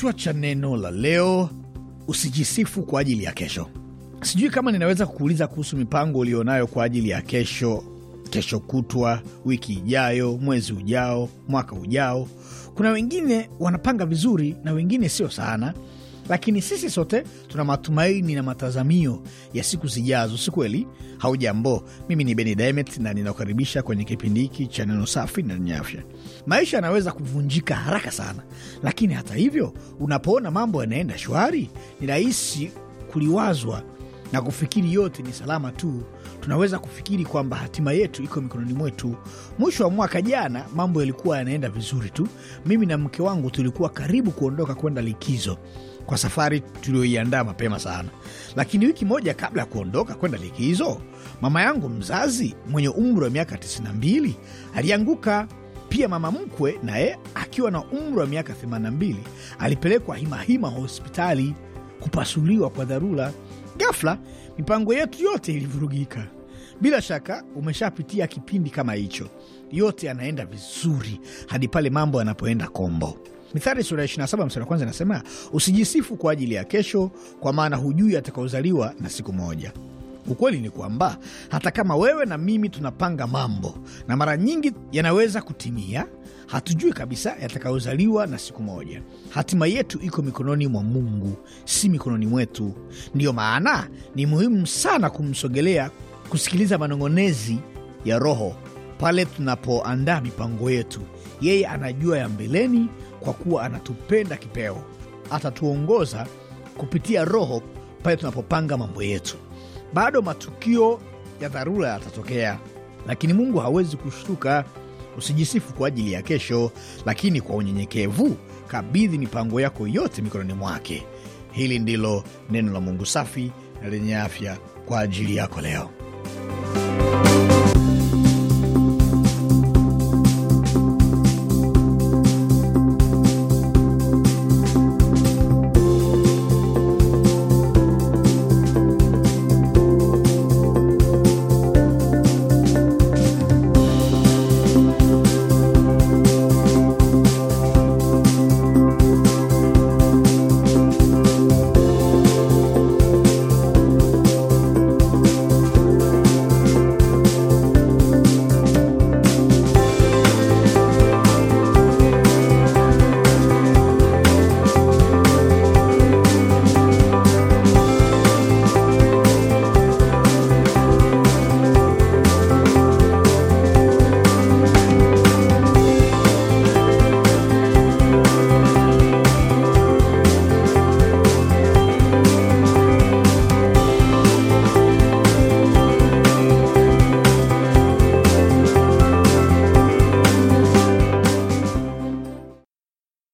Kichwa cha neno la leo: usijisifu kwa ajili ya kesho. Sijui kama ninaweza kukuuliza kuhusu mipango ulionayo kwa ajili ya kesho, kesho kutwa, wiki ijayo, mwezi ujao, mwaka ujao. Kuna wengine wanapanga vizuri na wengine sio sana lakini sisi sote tuna matumaini na matazamio ya siku zijazo, si kweli? Haujambo, mimi ni Beni Dimet na ninakukaribisha kwenye kipindi hiki cha neno safi na lenye afya. Maisha yanaweza kuvunjika haraka sana, lakini hata hivyo, unapoona mambo yanaenda shwari, ni rahisi kuliwazwa na kufikiri yote ni salama tu. Tunaweza kufikiri kwamba hatima yetu iko mikononi mwetu. Mwisho wa mwaka jana mambo yalikuwa yanaenda vizuri tu, mimi na mke wangu tulikuwa karibu kuondoka kwenda likizo, kwa safari tuliyoiandaa mapema sana. Lakini wiki moja kabla ya kuondoka kwenda likizo, mama yangu mzazi mwenye umri wa miaka 92 alianguka. Pia mama mkwe naye akiwa na umri wa miaka 82 alipelekwa himahima hospitali kupasuliwa kwa dharura. gafla mipango yetu yote ilivurugika. Bila shaka umeshapitia kipindi kama hicho. Yote yanaenda vizuri hadi pale mambo yanapoenda kombo. Mithali sura 27 mstari wa kwanza inasema, usijisifu kwa ajili ya kesho, kwa maana hujui atakaozaliwa na siku moja. Ukweli ni kwamba hata kama wewe na mimi tunapanga mambo na mara nyingi yanaweza kutimia, hatujui kabisa yatakayozaliwa na siku moja. Hatima yetu iko mikononi mwa Mungu, si mikononi mwetu. Ndiyo maana ni muhimu sana kumsogelea, kusikiliza manong'onezi ya Roho pale tunapoandaa mipango yetu. Yeye anajua ya mbeleni kwa kuwa anatupenda kipeo, atatuongoza kupitia Roho pale tunapopanga mambo yetu. Bado matukio ya dharura yatatokea, lakini Mungu hawezi kushtuka. Usijisifu kwa ajili ya kesho, lakini kwa unyenyekevu kabidhi mipango yako yote mikononi mwake. Hili ndilo neno la Mungu safi na lenye afya kwa ajili yako leo.